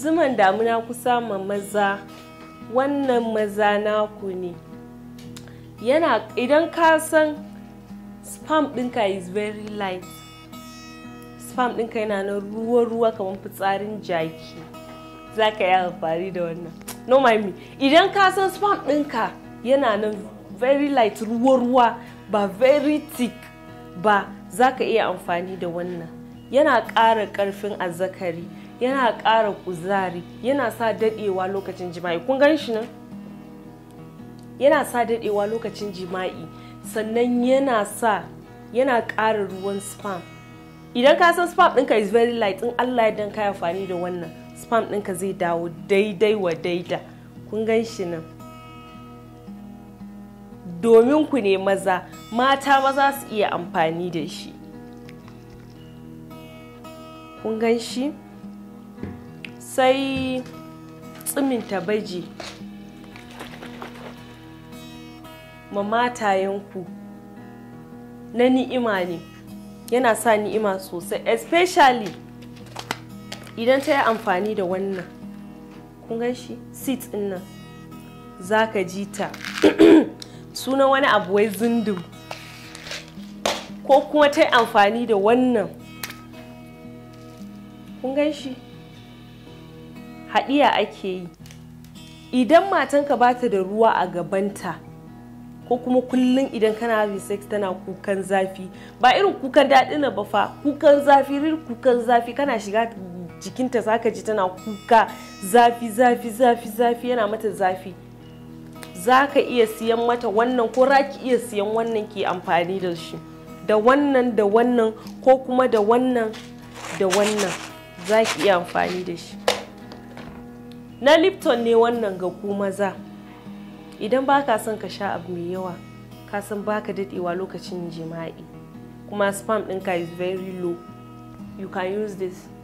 zuman damuna kusa ma maza wannan maza naku ne yana idan ka san spam ɗinka is very light spam ɗinka yana na ruwa-ruwa kamar fitsarin jaki za ka yi amfani da wannan no me idan ka san spam ɗinka yana na very light ruwa-ruwa ba very thick ba za ka iya amfani da wannan yana ƙara ƙarfin azzakari yana ƙara kuzari yana sa daɗewa lokacin jima'i kun gan shi nan yana sa daɗewa lokacin jima'i sannan yana sa yana ƙara ruwan spam idan ka san spam ɗinka is very light in allah ya ka amfani da wannan spam ɗinka zai dawo daidai wa daida kun gan shi nan domin ku ne maza mata maza su iya amfani da shi kun gan shi sai tsimin tabaji ma matayenku na ni'ima ne yana sa ni'ima sosai especially idan ta yi amfani da wannan kun gan shi seat nan za ka ji ta suna wani abu wai zindin ko kuma ta yi amfani da wannan kun gan shi haɗiya ake yi idan matanka ba ta da ruwa a gabanta ko kuma kullum idan kana having sex tana kukan zafi ba irin kukan daɗi na ba fa kukan zafi rir kukan zafi kana shiga jikinta zaka ji tana kuka zafi zafi zafi zafi yana mata zafi za ka iya siyan mata wannan ko raki iya siyan wannan ke amfani da shi da wannan da wannan ko kuma da wannan da wannan za ki iya amfani da shi na lipton ne wannan ga ku maza idan ba ka son ka sha abu mai yawa ka san ba ka daɗewa lokacin jima'i kuma spam ɗinka is very low you can use this